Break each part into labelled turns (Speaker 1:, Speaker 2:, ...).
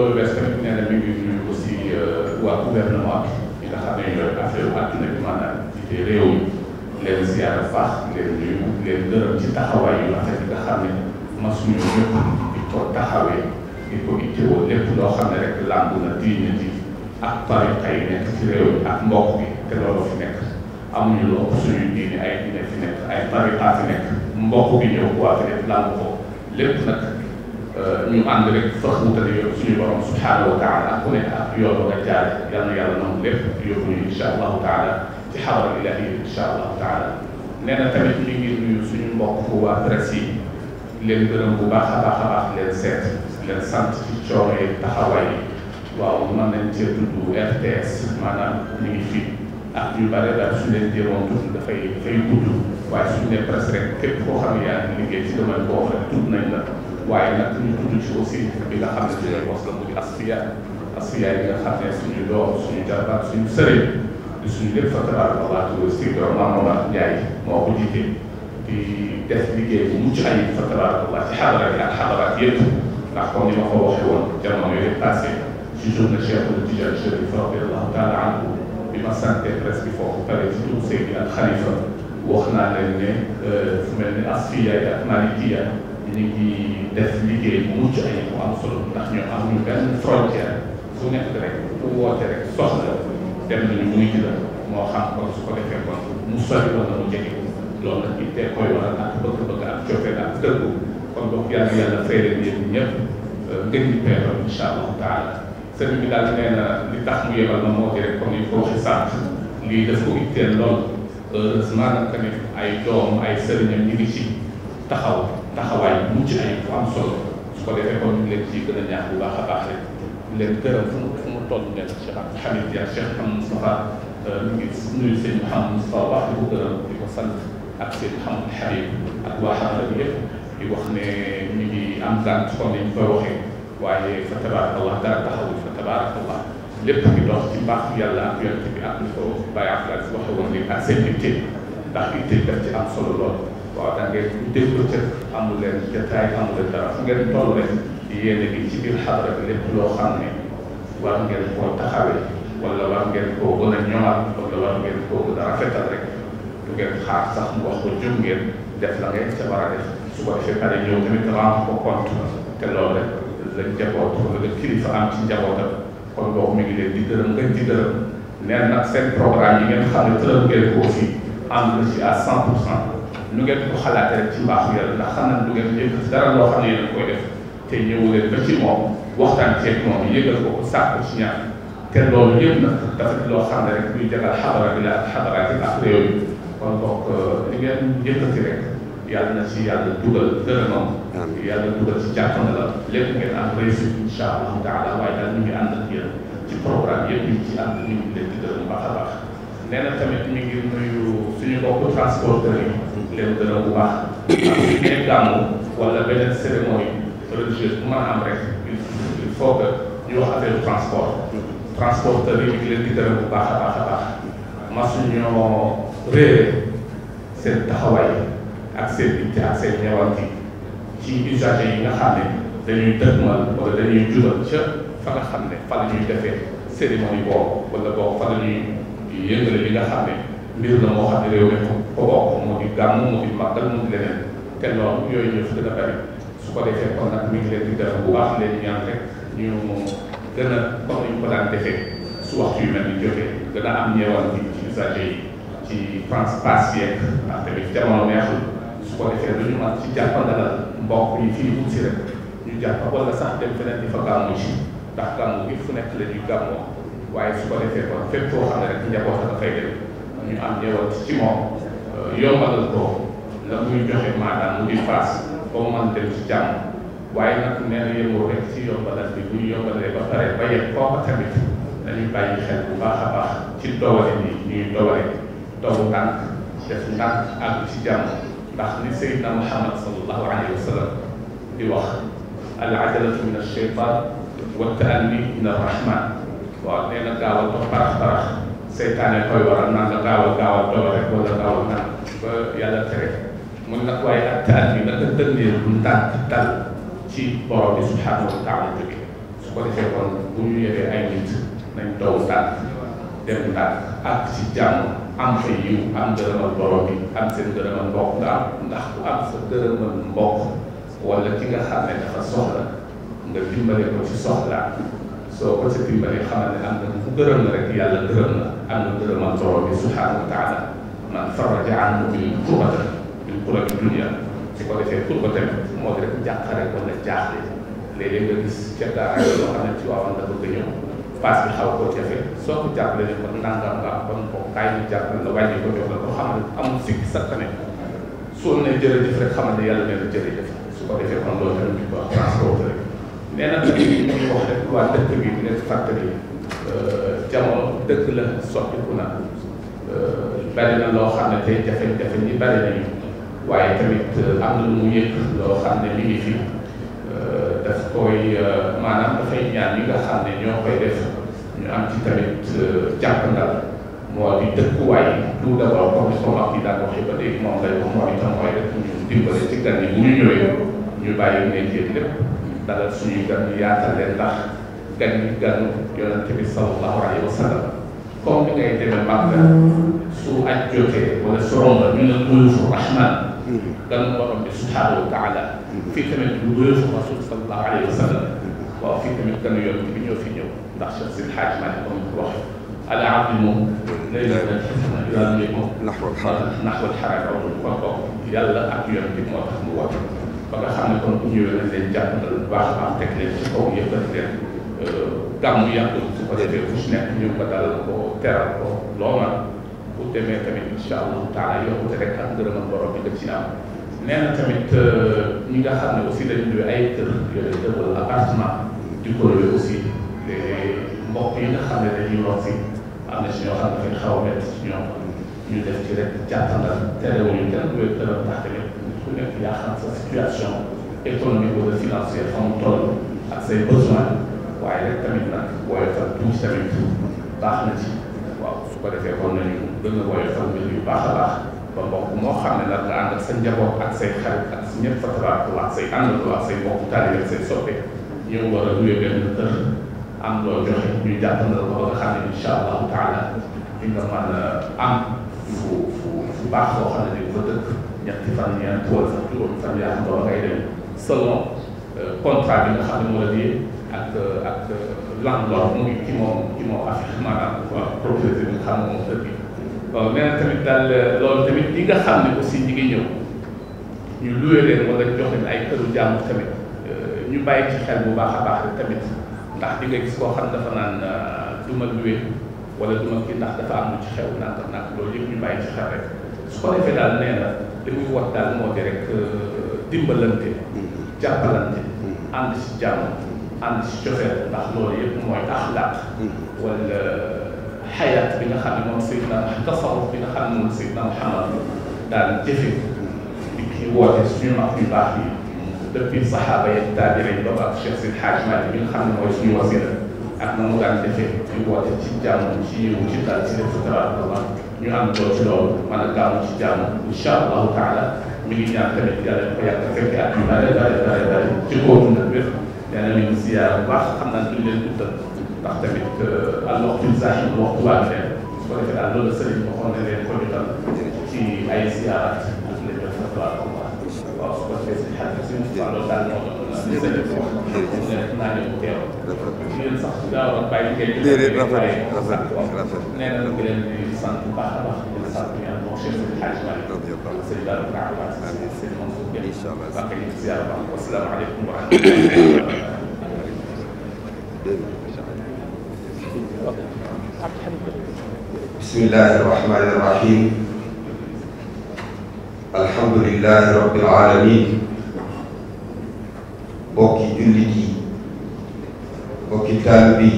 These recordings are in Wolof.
Speaker 1: loolu wees tamit nee na mi ngi nuyu aussi euh, waa gouvernement bi nga xam ne ñooy affaire àdduna bi maanaam jiite réew mi leen ziara faax leen nuyu leen gërëm ci taxawaay yu rafet yi nga xam ne masuñu ñëpp di ko taxawee di ko ittewoo lépp loo xam ne rek làmb na diine ji ak tariqa yi nekk ci réew mi ak mbokk bi te loolu fi nekk amuñu lu ëpp suñu diine ay diine fi nekk ay tariqa fi nekk mbokk bi ñëw waa fi def làmb ko lépp nag Euh, ñu ànd rek faxuutale yoon suñu borom subhaanahu wa taala ku ne ak yoon ba nga jaare yal na yàlla nangu lépp yóbbu ñu incha allahu taala ci xadara ilahi incha allahu tamit ñu ngi nuyu suñu mbokk waa presse leen gërëm bu baax a baax a baax leen seet leen sant ci coono yi taxawaay yi waaw mën nañ cee tudd RTS maanaam ñu ngi fi ak yu waaye suñu ne presse rek képp koo xam ci domaine boo xam ne tudd la waaye nag ñu tudd ci aussi bi nga ne ñooy wax la mu di asfiya asfiya yi nga xam ne suñu doom suñu jarbaat suñu moo ko jiite di def liggéey bu mucc ayib fa tabarakallah ci xadara yi ak xadaraat yëpp ndax comme ni ma ko waxee woon jamono yi passé ci journée Cheikh Tidiane taala anhu bi ma sante presque foofu pare ci tur Seydi al Khalifa wax naa leen ne euh, fu mel ni ñu ngi def li bu mucc ay bu am ndax ñoo amuñu benn frontière fu nekk rek fu woote rek soxla dem nañu muy jëla moo xam kon su ko defee kon mu sori wala mu jege loolu nag it tey koy waral ak bëgg-bëgg ak cofe ak dëggu kon donc yàlla yàlla fay leen yéen ñëpp euh, ngeen ñu taala sëriñ bi daal nee li tax mu yebal ma moo di rek comme ni ko waxee sànq lii daf ko lool heureusement nag que ay doom ay sëriñam ñu ngi ci taxawaay bu mucc ayib bu am solo su ko defee kon ñu ngi leen ci gën a ñaax bu baax a baax rek di leen gërëm fu mu fu mu toll leen Cheikh Abdou Hamid Dia Cheikh Ahmadou Moustapha euh, ñu ngi nuyu seen Mouhamadou Moustapha wax di ko gërëm di ko sant ak seen Mouhamadou Habib ak waa xarala bi yëpp di wax ne ñu ngi am daan comme ni ñu koy waxee waaye fa tabarakallah dara taxawul fa tabarakallah lépp ngi dox ci mbaaxu yàlla ak yonent bi ak ni ko Baye Abdoulaye waxee woon léegi ak seen itte ndax itte daf ci am solo lool. waaw da ngeen déglu cër amul leen jotaay amul leen dara fu ngeen toll rek yéen a ngi ci biir xadra bi lépp loo xam ne war ngeen koo taxawee wala war ngeen koo gën a ñoŋal wala war ngeen koo gën a rafetal rek du xaar sax mu ko jóg ngeen def la ngeen ca war a def su ko defee pare ñëw tamit rendre ko compte te loolu rek la njaboot wala la kilifa am ci njabootam kon boobu mi ngi leen di gërëm ngeen di gërëm neen nag seen programme xam ne tëral ngeen koo lu ngeen ko xalaate rek ci mbaaxu yàlla ndax xam nañ lu ngeen yëg dara loo xam ne yéen koy def te ñëw leen ba ci moom waxtaan ceeg moom yëgal ko ko sàkku ci ñaan te loolu yëpp nag dafa loo xam ne rek luy jagal xadara bi la ak xadaraati ak yooyu kon donc euh, li ngeen yëkkati rek yàlla na ci yàlla dugal gën a noonu yàlla dugal ci jàppna la lépp ngeen am réussite incha allahu taala waaye daal ñu ngi ànd ak yéen ci programme yëpp ñu ci ànd ñu ngi leen di gërëm baax a baax nee na tamit ñu ngi nuyu suñu mbokku transporteurs yi teew dara bu baax beneen gàmmu wala beneen cérémonie religieuse bu mën a am rek il faut que ñu wax affaire transport transporteur yi ñu ngi leen di dara bu baax a baax a baax mas ñoo réere seen taxawaay ak seen itte ak seen ñewanti ci usager yi nga xam ne dañuy dëgmal wala dañuy jural ca fa nga xam ne fa la ñuy defee cérémonie boobu wala boobu fa la ñuy yëngale nga xam ne mbir la moo xam ne réew mi ko moo di gàmm moo di màggal moo di leneen te loolu yooyu yëpp dana bari su ko defee kon nag mi ngi leen di def bu baax leen ñaan rek ñu gën a comme ni ñu ko daan defee su waxtu yu mel ni jógee gën a am ñeewal bi ci usager yi ci France pass yeeg ak tamit jamono neexul su ko defee lu ñu mën ci jàppandalal mbokk yi fii wut si rek ñu jàpp wala sax dem feneen di fa gàmmu ji ndax gàmmu gi fu nekk la ñuy gàmmoo waaye su ñu am njaboot ci moom euh, yombalal ko la muy joxe maanaam mu di faas ba mu dem ci jàmm waaye nag nee na yëngoo rek ci yombalal bi bu ñu yombalee ba pare ba yegg foofa tamit dañuy bàyyi xel bu baax a baax ci doole bi ñuy doole dogu ndànk def ndànk àgg ci jàmm ndax li Seydina Muhammad sallallahu alayhi wa di wax al ajalatu min alcheytan wa taalmi min arrahman waaw nee na gaaw a parax parax seytaane koy waral naan la gaawal gaawal doole rek wala gaawal naan ba yàlla tere mun nag waaye ak taal bi naka dëndee bu ndànk dal ci borom bi subhanahu wa taala su ko defee kon bu ay nit nañ dow ndànk dem ndànk ak ci jàmm am fa yiw am gërëmal borom bi am seen gërëmal mbokk am ndax ku am sa gërëmal mbokk wala ki nga xam ne dafa soxla nga dimbale ko ci soxla soo ko ci dimbalee xamal ne am na ku gërëm la rek yàlla gërëm la am na gërëmal borom bi subhaanahu wa taala man faraja an mu'minin kurbatan min kurabi dunya ko defee kurbatan moo di rek jàqare wala jaaxle xam ne ci waawoon dafa bëgg bi xaw koo jafe soo ko jàppale ne ko nangam nga am ba mu ko kaay ñu jàppale la wàññi ko jox la ko xamal amul sikki sattane soo ne jërëjëf rek xamal yàlla mel na jërëjëf su ko defee kon loolu tamit di ko transporté rek nee na nag li muy wax rek waa dëkk bi ñu leen fàttali euh, jamono dëkk la soppiku euh, loo xam ne tey jafe-jafe yi bari nañu waaye tamit euh, am na mu yëg loo xam ne mi ngi fi daf koy maanaam dafay ñaan ñi nga xam ne ñoo koy def ñu am ci tamit jàpp ndal moo di dëkkuwaay tout d'abord comme soo mag yi daan waxee ba léegi moom lay wax moo itam mooy rek ñu dimbale ci gan yi bu ñu ñëwee ñu bàyyi nekkee lépp dalal suñu gan ñu yaatal leen ndax gan ñu ganu yonante bi sallallahu alayhi wa sallam comme ni ngay demee Màkka su aj jotee wala su romba ñu ne mulufu rahman ganu borom bi subhanahu wa taala fii tamit ñu mulufu rasul sallallahu alayhi wa sallam waaw fii tamit ganu yonante bi ñoo fi ñëw ndax Cheikh Sidi Hadj Malick comme ko wax ala abdi moom lay la def yàlla moom naxwal xaram naxwal xaram kon ko yàlla ak yonante bi moo tax mu woote ba nga xam ne kon bu ñëwee nañ leen jàppandal bu baax a baax teg leen ci kaw yëkkati leen euh, gàmmu yàqu su ko defee fu si nekk ñëw ko dalal ko teral ko loo man bu demee tamit incha allahu taala yokkute rek ak ngërëmal borom bi def ci naam nee na tamit euh, ñi nga xam ne aussi dañu luwe ay kër yooyu dëkk wala appartement di ko luwe aussi mbokk yi nga xam ne dañuy wax si am na si ñoo xam ne xaw a métti si ñoom ñu def ci rek jàppandal terewuñu kenn ku wér dara tax ku nekk yaa xam sa situation économique wala financière fa mu toll ak say besoins waaye rek tamit nag woyofal tuuti tamit baax na ci waaw su ko defee kon nañu gën a baax a baax ba mbokk moo xam ne nag nga ànd ak sa njaboot ak say xarit ak si ñëpp fatalaatu ak say àndandoo ak say mbokk taalibe ak say soppe war a luye benn kër am loo joxe ñu jàpp na ba nga xam ne incha allahu taala di nga mën a am fu fu fu baax loo xam ne di nga ñetti fan ñeent wala sax juróomi fan yaa xam ba ngay dem selon tamit daal loolu tamit li nga xam ne aussi ñi ngi ñëw ñu loué leen wala jox ay këru jàmm tamit ñu bàyyi ci xel bu baax a baax tamit ndax di nga gis koo xam dafa naan du ma loué wala kii ndax dafa am ci xew naan naan loolu yëpp ñu bàyyi ci xel rek. su ko defee daal nee na li muy wax daal moo di rek euh, dimbalante mm-hmm. jàppalante mm-hmm. ànd si jàmm ànd si cofeel ndax loolu yëpp mooy axlaaq mm-hmm. wala xayaat bi nga xam ne moom Seydina tasawuf bi nga xam ne moom Seydina Muhammad daal jëfe di kii woote suñu mag yu baax yi depuis saxaaba yi taabi'iin ba ak Cheikh Seydi Hadj Malick bi nga xam ne mooy suñu wasila ak na mu daan defee di woote ci jàmm ci yiw ci dal ci def ñu àndandoo ci loolu mën a ci jàmm incha taala mi ngi ñaan tamit yàlla ñu ko yàq fekk ak yu bare bare bare bare ci kooku nag wér nee na ñu ziyaar bu baax xam naa duñ leen utal ndax tamit àll optimisation bi wax tubaab leen su ko defee daal loolu sëriñ waxoon na leen ko ci ay ziyaar ak la ñu def waaw su ko defee si xarit si waaw loolu daal ñun sax gaaw a bàyyi
Speaker 2: alamin. mbokki jullit mbokki taalibe yi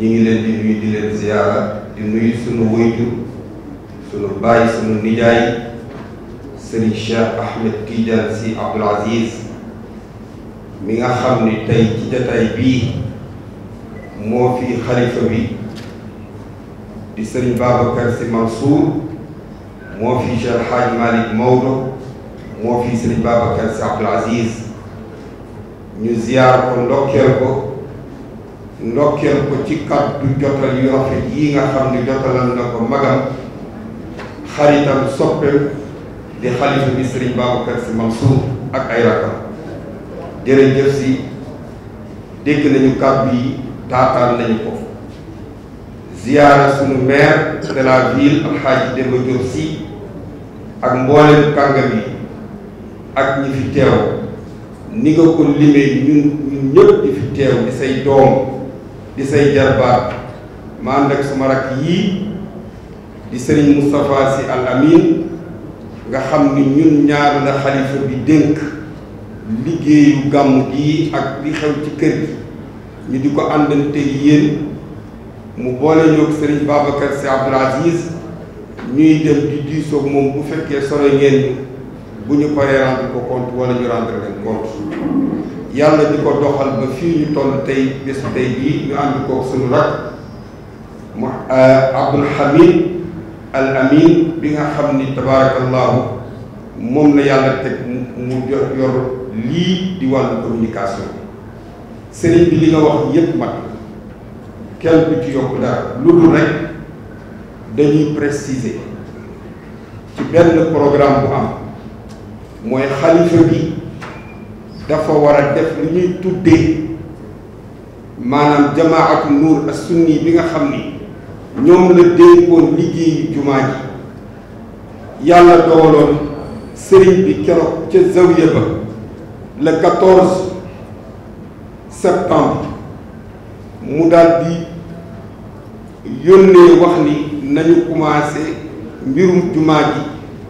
Speaker 2: ñu ngi leen di nuyu di leen ziyaara di nuyu sunu woytu sunu bàyyi sunu nijaay Serigne Cheikh Ahmed Tidiane Sy Abdoul Aziz mi nga xam ni tey ci jataay bii moo fi xalifa bi di Serigne Babacar Sy Mansour moo fi Cheikh Hadj Malick Maodo moo fi Serigne Babacar Sy Abdoul Aziz ñu ziyaar ko ndokkeel ko ndokkeel ko ci kàddu jotal yu rafet yi nga xam ne jotalal na ko magam xaritam soppe di xalifa bi Serigne Babacar Sy Mansour ak ay rakam jërëjëf si dégg nañu kàddu yi taataan nañu ko ziyaara sunu maire de la ville Alxaaji Demba Diop Sy ak mboolem kàngam yi ak ñi fi teew ni nga ko limee ñun ñun ñëpp di fi teew di say doom di say jarbaat ma ànd ak suma rakk yii di sëriñ Moustapha Sy Al nga xam ni ñun ñaar la xalifa bi dénk liggéeyu gàmm gii ak li xew ci kër gi ñu di ko àndante yéen mu boole ñoo ak sëriñ Babacar Sy Abdoul Aziz ñuy dem di diisoog moom bu fekkee solo ngeen bu ñu paree rendre ko compte ñu yàlla di ko doxal ba fii ñu toll tey bés tey bii ñu ànd ko suñu rak mu euh, Abdul Hamid al Amin bi nga xam ni tabaarakallaahu moom la yàlla teg mu yor lii di wàllu communication sëriñ bi li nga wax yépp mat kenn du ci yokk dara lu dul rek dañuy préciser ci benn programme bu am mooy xalifa bi dafa war a def lu ñuy tuddee maanaam jamaatu nuur as sunni bi nga xam ni ñoom la dénkoon liggéeyu jumaa ji yàlla dogaloon sëriñ bi keroog ca zawiya ba le 14 septembre mu daal di yónnee wax ni nañu commencé mbirum jumaa ji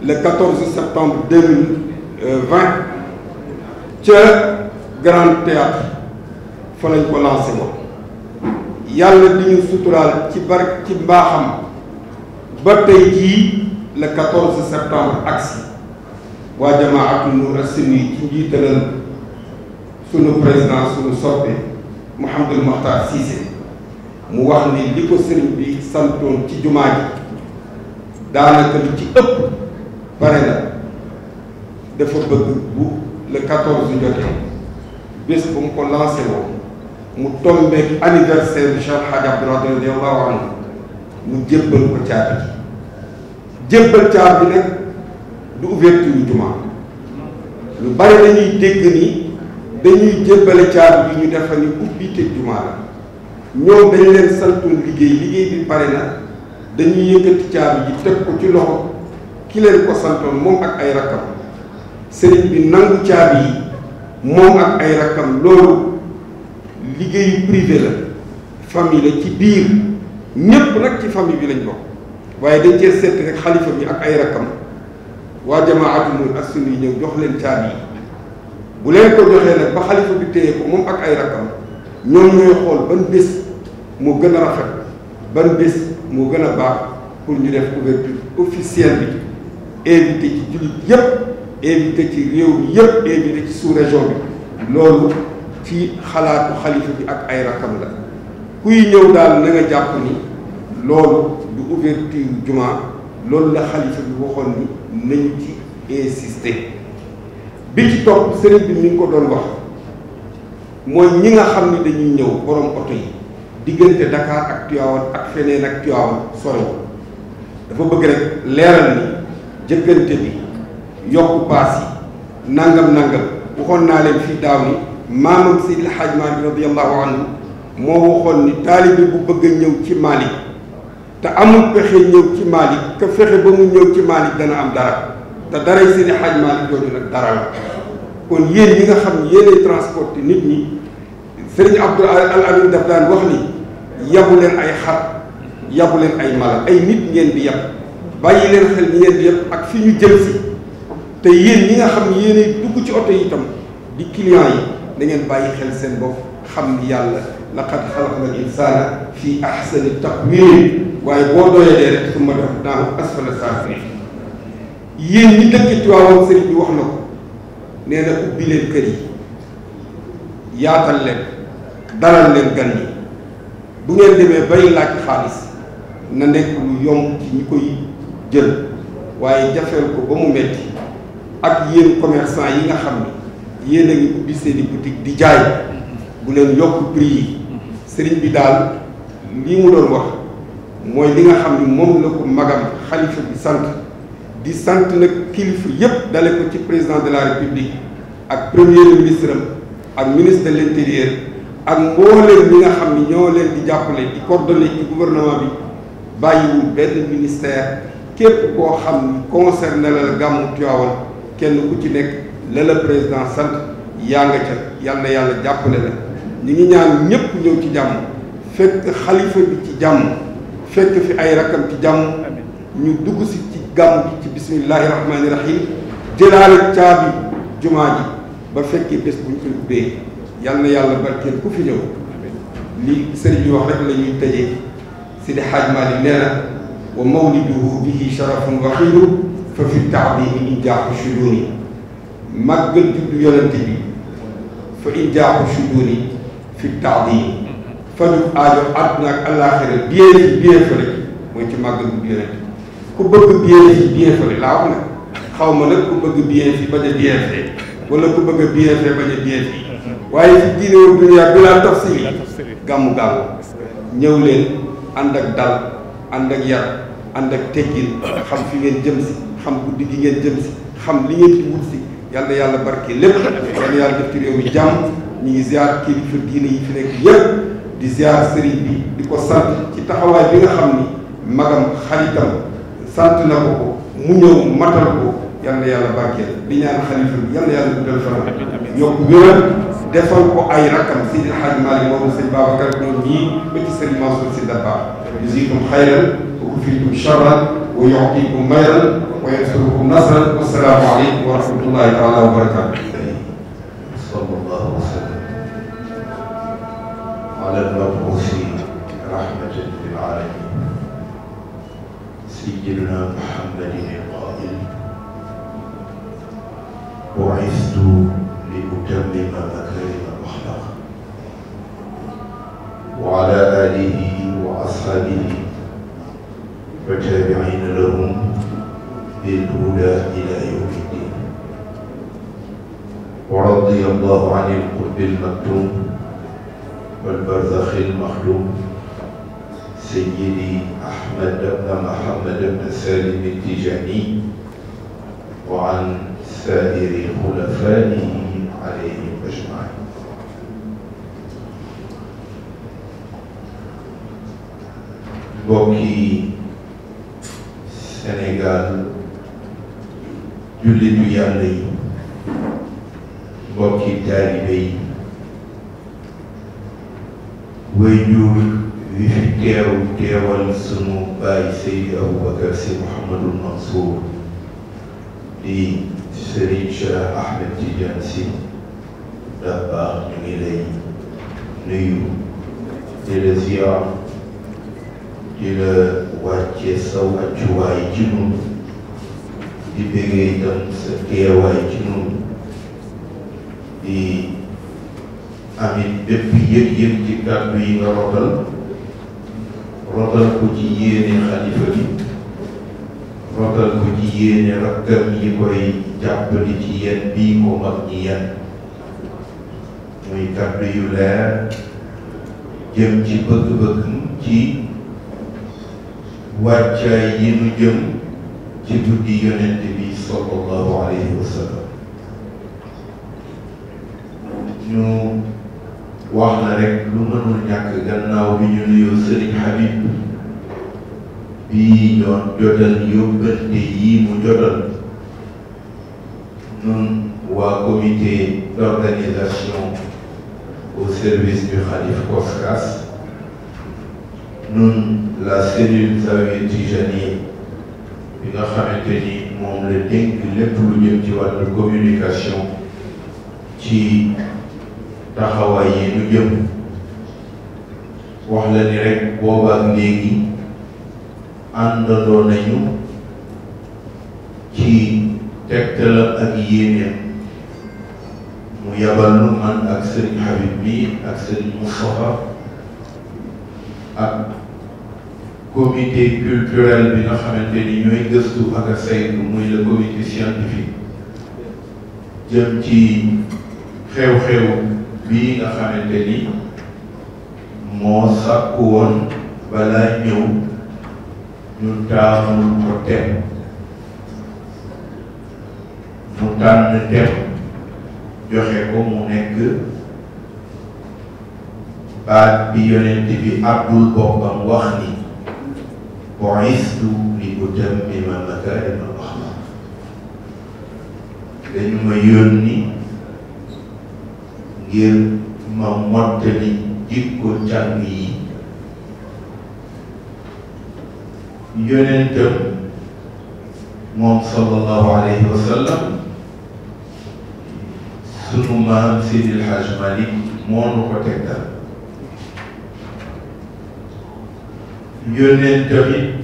Speaker 2: le 14 septembre 2000 Euh, vingt ca Grand Théâtre fa lañ ko lancé woon yàlla di ñu suturaal ci bar ci mbaaxam ba tey jii le 14 septembre agsi waa jamaatu Nour As-Sini ci njiitalal sunu président sunu soppe Mouhamadul Makhtar Cissé mu wax ni li ko sëriñ bi santoon ci jumaa ji daanaka lu ci ëpp bare na dafa bëgg bu le 14 jotee bés bu mu ko lancé woon mu tombeeg anniversaire bi Cheikh Hadj Abdou Lahad radiyallahu anhu mu jébbal ko caabi ji jébbal caabi nag du ouverture jumaa dañuy dégg ni dañuy jébbale caabi bi jumaa la ñoom dañ leen santoon liggéey liggéey bi pare na dañuy yëkkati caabi ji teg ko ci loxo ki leen ko santoon moom ak ay rakkam sëriñ bi nangu caabi yi moom ak ay rakkam loolu liggéeyu privé la famille la ci biir ñépp nag ci famille bi lañ bokk waaye dañ cee seet rek xalifa bi ak ay rakkam waa jamaatu mun ak suñuy ñëw jox leen caabi yi bu leen ko joxee nag ba xalifa bi téye ko moom ak ay rakkam ñoom ñooy xool ban bés moo gën a rafet ban bés moo gën a baax pour ñu def couverture officielle bi invité ci jullit yépp éviter ci réew mi yëpp ci sous région bi loolu ci xalaatu xalifa bi ak ay rakam la kuy ñëw daal na jàpp ni loolu du ouverture jumaa loolu la xalifa bi waxoon ni nañu ci insister bi ci topp sëriñ bi mi ngi ko doon wax mooy ñi nga xam ni dañuy ñëw borom oto yi diggante Dakar ak Tivaouane ak feneen ak Tivaouane sore dafa bëgg rek leeral ni jëkkante bi yokk paas yi nangam nangam waxoon naa leen fii daaw ni maamam Seydil Hadj Malick radiyallahu anhu moo waxoon ni taalibe bu bëgg ñëw ci Malick te amul pexe ñëw ci Malick que fexe ba mu ñëw ci Malick dana am dara te daray Seydil Hadj Malick jooju nag dara la kon yéen ñi nga xam yéenay transporté nit ñi Serigne Abdou Al Amin daf daan wax ni yabu leen ay xar yabu leen ay mala ay nit ngeen bi yab bàyyi leen xel ñi ngeen di yab ak fi ñu jëm si. te yéen ñi nga xam ne yéenay dugg ci oto yi itam di client yi da bàyyi xel seen bopp xam ni yàlla laqad xalaqna al insaana fi ahsani taqwiim waaye boo doyalee rek summa radadnaahu asfala saafiliin yéen ñi dëkk Tiwaawan sëriñ bi wax na ko nee na ubbi leen kër yi yaatal leen daral leen gan yi bu ngeen demee bay laaj xaalis na nekk lu yomb ci ñi koy jël waaye jafeel ko ba mu metti ak yéen commerçant yi nga xam ne yéen a yi ubbi seen i boutique di jaay bu leen yokk prix yi sëriñ bi daal li mu doon wax mooy li nga xam ne moom la ko magam xalifa bi sant di sant nag kilifa yépp dale ko ci président de la république ak premier ministre ak ministre de l'intérieur ak mbooleem ñi nga xam ni ñoo leen di jàppale di coordonné ci gouvernement bi bàyyiwul benn ministère képp koo xam ni concerné la gàmmu Tivaouane kenn ku ci nekk la la président sant yaa nga ca yàlla na yàlla jàppale la ñu ngi ñaan ñëpp ñëw ci jàmm fekk xalifa bi ci jàmm fekk fi ay rakkam ci jàmm ñu dugg si ci gàmm bi ci bismillahi rahmaani rahim jëlaale caabi jumaa ji ba fekkee bés buñ koy ubbee yàlla na yàlla barkeel ku fi ñëw li sëriñ bi wax rek la ñuy tëjee Sidi Hadj Malick nee na wa mawliduhu bihi sharafun xiiru fa fi bi in jaaxu suduri màggal juddu yonent bi fa in jaaxu suduri fi tax bi aajo àdduna ak àllaaxira bien ci bien fële mooy ci màggal juddu yonent ku bëgg bien ci bien fële laa ko nag xaw nag ku bëgg bien fi bañ a bien fee wala ku bëgg a bien fee bañ a bien fii waaye ci diine wu duniyaa bi laa taf si gàmmu gàmmu ñëw leen ànd ak dal ànd ak yar ànd ak teggin xam fi ngeen jëm si xam guddi gi ngeen jëm si xam li ngeen wut si yàlla yàlla barke lépp yàlla yàlla def ci réew mi jàmm ñu ngi ziar kilifa diine yi fi nekk yëpp di ziar sëriñ bi di ko sant ci taxawaay bi nga xam ni magam xaritam sant na ko ko mu ñëw matal ko yàlla yàlla barkeel bi ñaan xalifa bi yàlla yàlla guddal fanam yokku wéral defal ko ay rakam Seydil Hadji Malick moom sëñ Babacar ñoom ñii ba ci sëriñ Mansour si dabaax yusiitum xayran wa kufiitum charran ويعطيكم مالا وينصركم نصرا والسلام عليكم ورحمه الله تعالى وبركاته.
Speaker 3: صلى الله وسلم على المبعوث رحمه للعالمين سيدنا محمد القائل بعثت لاتمم مكارم الاخلاق وعلى اله واصحابه والتابعين لهم بالهدى إلى يوم الدين ورضي الله عن القطب المكتوم والبرزخ المخدوم سيدي أحمد بن محمد بن سالم التجاني وعن سائر خلفائه عليهم أجمعين mbokk yi Sénégal jullitu yàlla yi mbokki taalibe yi waajur wi fi teew teewal sunu baay Seydi Aboubacar Sy Mouhamadul Mansour di Serigne Cheikh Ahmed Tidiane Sy Dabakh ñu ngi lay nuyu di la ziar di la wàccee sa wàccuwaay ci nun di itam sa teewaay ci nun di amit bépp yëg-yëg ci kàddu yi nga rotal rotal ko ci yéene xalifa bi rotal ko ci yéene rakkam yi koy jàppali ci yenn bii ko mag ñi yenn muy kàddu yu leer jëm ci bëgg-bëgg ci wàccaay yi nu jëm ci guddi yonent bi sallallahu alayhi wa wax na rek lu mënul ñàkk gannaaw bi ñu nuyoo Sëriñ Habib bii doon jotal yóbbante yi mu jotal ñun waa comité d'organisation au service du Khalif Koskas ñun la cellule zawiya tijaniyya bi nga xamante ni moom la dénk lépp lu jëm ci wàllu communication ci taxawaay yi nu jëm wax la ni rek boobaak léegi àndandoo nañu ci tegtala ak yéenéem mu yabal nu man ak sëriñ Habib bi ak sëriñ Moustapha ak comité culturel bi nga xamante ni ñooy gëstu ak a saytu muy le comité scientifique jëm ci xew-xew bii nga ni moo sàkku woon balaa ñëw ñu taamu ko thème mu tànn thème joxe ko mu nekk baat bi yonent bi àbbul boppam wax ni bu'istu li utammima makaarima al-axlaaq dañu ma yónni ngir ma mottali jikko càng yi yonentam moom sallallahu alayhi wa sallam sunu maam Seydi El Hadj Malick moo nu ko tegtal yónneen tamit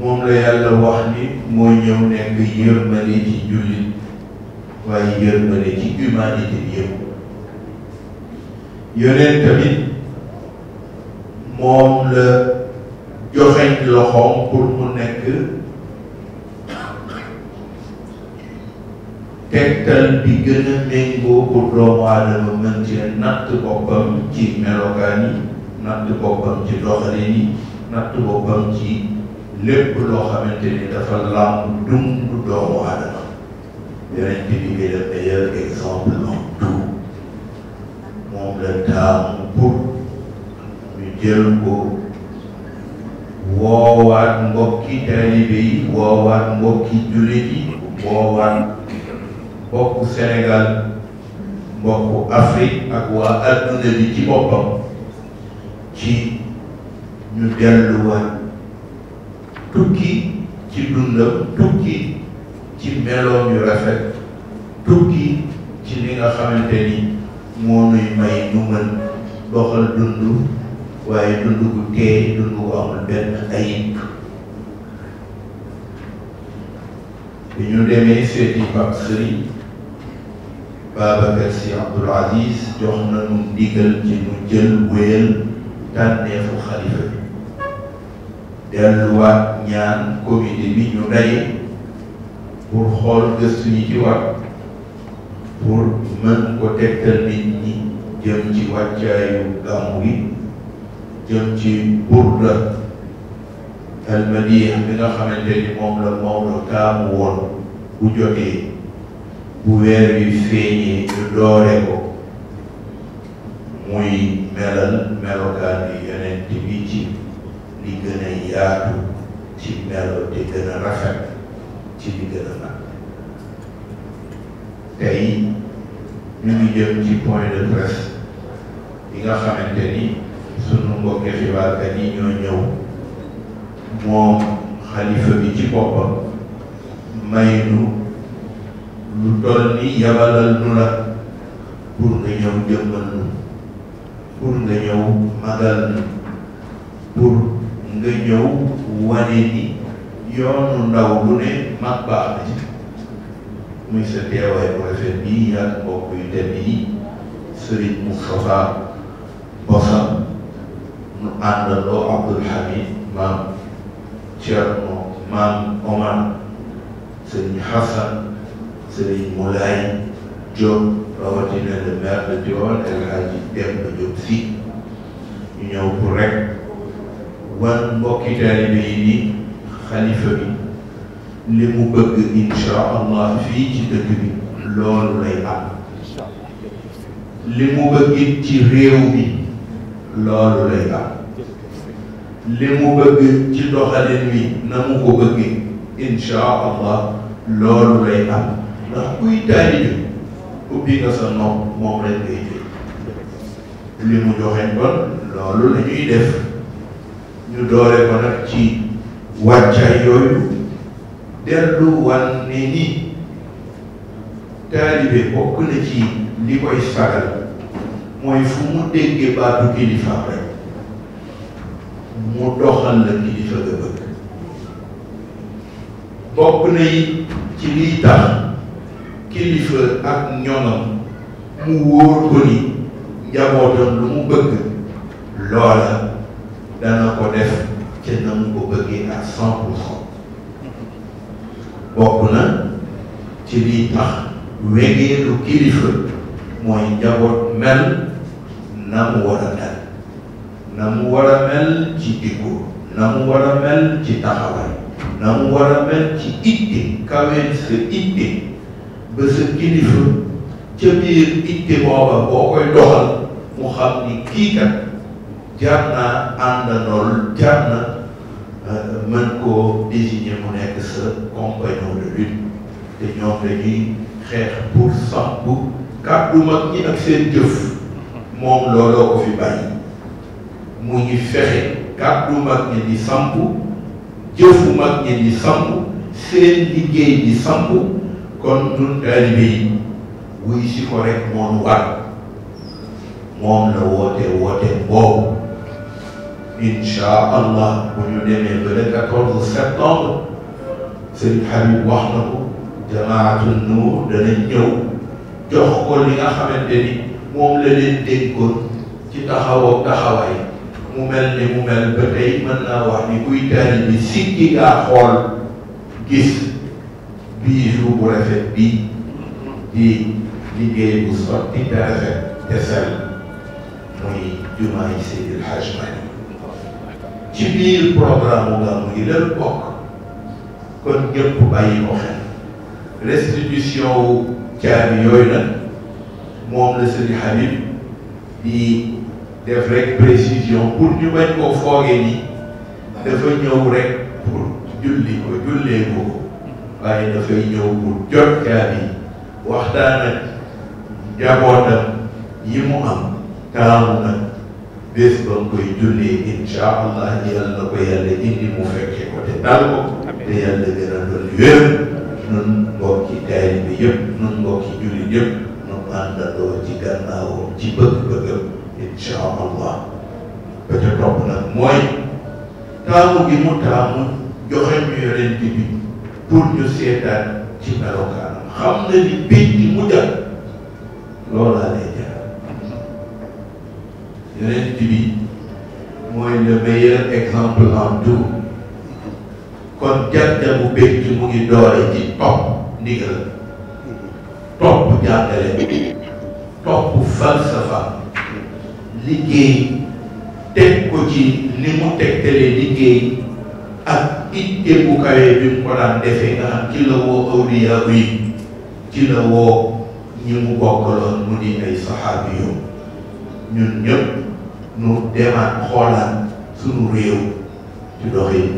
Speaker 3: moom la yàlla wax ni moo ñëw nekk yërmande ci jullit waaye yërmande ci humanité bi yëpp yónneen tamit moom la joxeñ loxoom pour mu nekk tegtal bi gën a méngoo pour doomu aadama mën ci natt boppam ci melokaan yi natt boppam ci doxalin yi natt boppam ci lépp loo xamante ni dafa làmb dundu doomu aadama yonent bi est le meilleur exemple en tout moom la taamu pour ñu jël ko woowaat mbokki taalibe yi woowaat mbokki jullit yi woowaat mbokku Sénégal mbokku Afrique ak waa adduna bi ci boppam ci ñu delluwaat tukki ci dundam tukki ci meloom yu rafet tukki ci li nga xamante ni moo nuy may nu mën doxal dund waaye dund gu teey dund gu amul benn ayib bi ñu demee seeti Pape Serigne Babacar Sy Abdoul Aziz jox na nu ci nu jël wéyal tànneefu xalifa bi delluwaat ñaan comité bi ñu daje pour xool gëstu ñi ci war pour mën ko tegtal nit ñi jëm ci wàccaayu gàmmu gi jëm ci burda almadiya bi nga xamante ni moom la moom la taamu woon bu jotee bu weer wi feeñee ñu doore ko muy melal melokaan bi yonent bi ci li gën a yaatu ci melo te rafet ci li gën a nag tey ñu ngi jëm ci point de presse yi nga xamante ni sunu mbokki xibaarkat yi ñoo ñëw moom xalifa bi ci boppam may nu lu toll ni yabalal nu la pour nga ñëw jëmmal nu pour nga ñëw magal na nga ñëw wane ni yoonu ndaw bu ne mag baax na ci muy sa teewaay bu rafet bii yàgg mbokk yu dem yi Omar sëriñ Hassan sëriñ Moulay Diop rawatina le maire de Tivaouane El Hadji Demba Diop Sy ñu ñëw pour rek wan mbokki taalibe yi ni xalifa bi li mu bëgg insha allah fii ci dëkk bi loolu lay li mu bëgg it ci réew bi loolu lay li mu bëgg ci doxalin wi na mu ko bëgg insha allah loolu lay am ndax kuy ubbi nga sa nopp moom rek ngay jël li mu joxe kon loolu la ñuy ñu doore ko nag ci wàccaay yooyu dellu wan ne ni taalibe bokk na ci li koy sagal mooy fu mu déggee baatu kilifa rek mu doxal la kilifa nga bëgg na it ci liy tax kilifa ak ñoŋam mu wóor ko ni njabootam lu mu bëgg loola dana ko def ca na mu ko bëggee ak cent pour cent bokk na ci liy tax wégeelu kilifa mooy njaboot mel na mu war a mel na mu mel ci diggu na mu war a mel ci taxawaay na mu war a mel ci itte kaween sa itte ba sa kilifa ca biir itte booba boo koy doxal mu xam ni kii kat jar na àndanool euh, mën koo désigner mu nekk sa compagnon de lutte te ñoom dañuy xeex pour samp kàddu mag ñi ak seen jëf moom looloo ko fi bàyyi mu ngi fexe kàddu mag ñi di samp jëfu mag ñi di samp seen liggéey di samp kon ñun taalibe yi wuy si ko rek moom war moom la woote woote boobu incha allah bu ñu demee ba le quatorze septembre sëriñ Habib wax na ko jamaatul nuur danañ ñëw jox ko li nga xamante ni moom la leen déggoon ci taxawoo taxawaay mu mel ni mu mel ba tey mën naa wax ni kuy taalibe bi sikki ngaa xool gis bijou bu rafet bii di liggéey bu sotti te te sell muy jumaa yi Seydil Hadj Malick ci biir programme mu gàmmu gi lépp kon ñëpp bàyyi ko xel restitution wu caabi yooyu nag moom la sëñ Habib di def rek précision pour ñu bañ waaye dafay ñëw bu jot caabi waxtaan ak njabootam yi mu am taamu nag bés ba mu koy jullee incha allah yal na ko yàlla indi mu fekke ko te dal ko te yàlla gën a doon wér nun mbokki taalibe yëpp nun mbokki jullit yëpp nu àndandoo ci gannaawam ci bëgg-bëggam incha allah ba ca nag mooy taamu gi mu taamu joxe ñu yonent bi pour ñu seetaan ci melokaanam xam na ni biñ di mu jot loolaa lay jaar yonent bi mooy le meilleur exemple en tout ci mu ngi doore ci topp ndigal topp jàngale topp falsafa liggéey teg ko ci li mu tegtalee liggéey itte bu kawee bi mu ko daan defee nga xam ci la woo awliya yi ci la woo mu bokkaloon mu di ay saxaabi yu ñun ñëpp nu demaat xoolaat sunu réew ci doxin bi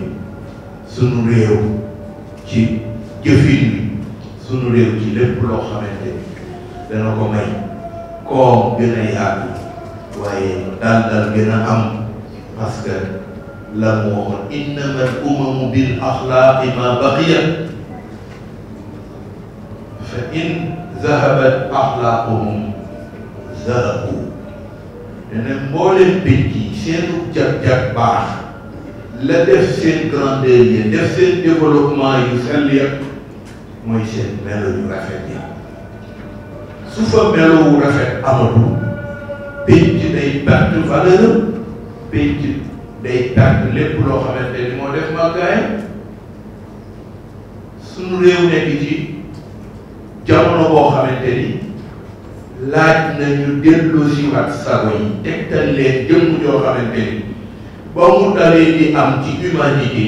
Speaker 3: sunu réew ci jëfin bi sunu réew ci lépp loo xamante ni dana ko may koom gën a yaatu waaye daal daal gën a la mu waxoon innama al umamu bil axlaaqi ma baqiya fa in zahabat axlaaquhum zahabu dene mbooleen pénc yi seenu jag-jag baax la def seen grandeur yi def seen développement yu sell ya mooy seen melo yu rafet ya su fa melowu rafet amatu pénc day perte valeur pénc day tànn lépp loo xamante ni moo def màggaayam suñu réew nekk ci jamono boo xamante ni laaj nañu delloosiwaat sago yi tegtal leen jëmm joo xamante ni ba mu dalee di am ci humanité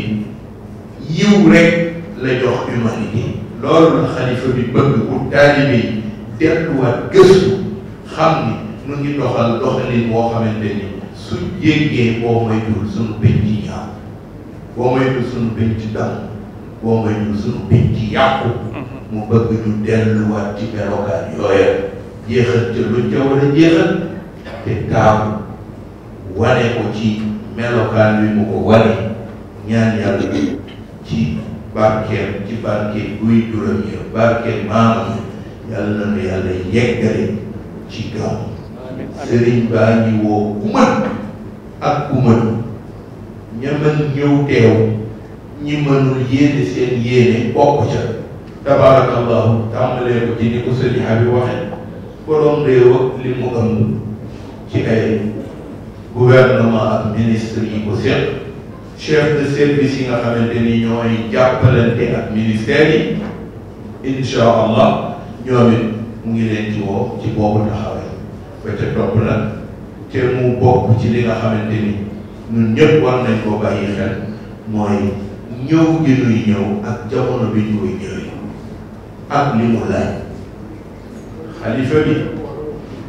Speaker 3: yiw rek la jox humanité loolu la xalifa bi bëgg pour taalibe yi delluwaat xam ni nu ngi doxal doxalin boo xamante ni suñ jéggee boo moytuwul suñu penc ci ñaaw boo moytuwul suñu penc ci damm boo moytuwul suñu penc ci yàqu mm-hmm. mu bëgg ñu delluwaat ci melokaan yooya jéexal ca luñ ca war a te taamu wane ko ci melokaan wi mu ko wane ñaan yàlla ci barkeem ci barkeem buy juróom ya barkeem maamam yàlla na yàlla yeggale ci gaaw sëriñ baa ngi woo ku ak ku mën ña mën ñëw teew ñi mënul yéene seen yéene bokk ca tabaarakallahu tàmbalee ko Habib waxee borom réew ak li mu ëmb ci ay gouvernement ak ministre yi ko seq chef de service yi nga xamante ni ñooy jàppalante ak insha allah ñoom it mu ngi leen ci woo ci boobu taxawee ba ca topp nag te mu bokk ci li nga xamante ni ñun ñëpp war nañ koo xel mooy ñëw gi nuy ak jamono bi ñu ak li mu laaj xalifa bi